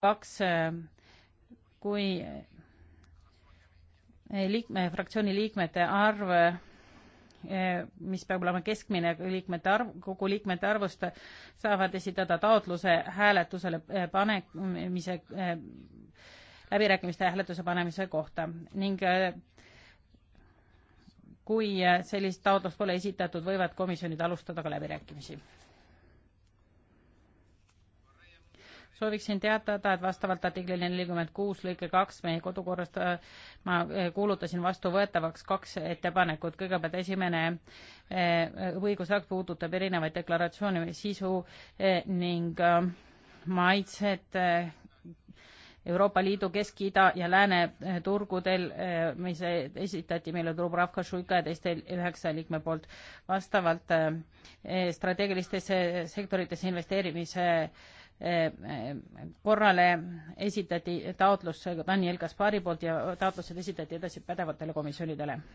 kaks, kui liikme, fraktsiooni liikmete arv, mis peab olema keskmine liikmete arv, kogu liikmete arvust, saavad esitada taotluse hääletusele panemise, läbirääkimiste hääletuse panemise kohta ning kui sellist taotlust pole esitatud, võivad komisjonid alustada ka läbirääkimisi. sooviksin teatada, et vastavalt artiklile nelikümmend kuus lõike kaks meie kodukorrast äh, ma äh, kuulutasin vastuvõetavaks kaks ettepanekut. kõigepealt esimene äh, õigusakt puudutab erinevaid deklaratsioone sisu ning maitset Euroopa Liidu Kesk, Ida ja Lääne turgudel, mis esitati meile Dubravka Šuika ja teiste üheksa liikme poolt vastavalt strateegilistesse sektoritesse investeerimise Eh, korrale esitati taotlus Daniel Kaspari poolt ja taotlused esitati edasi pädevatele komisjonidele.